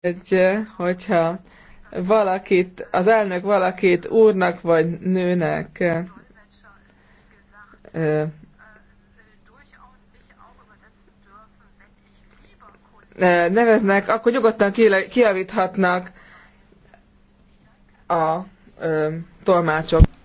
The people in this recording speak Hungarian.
hogy, eh, hogyha valakit, az elnök valakit úrnak vagy nőnek eh, eh, neveznek, akkor nyugodtan kiavíthatnak a tolmácsok.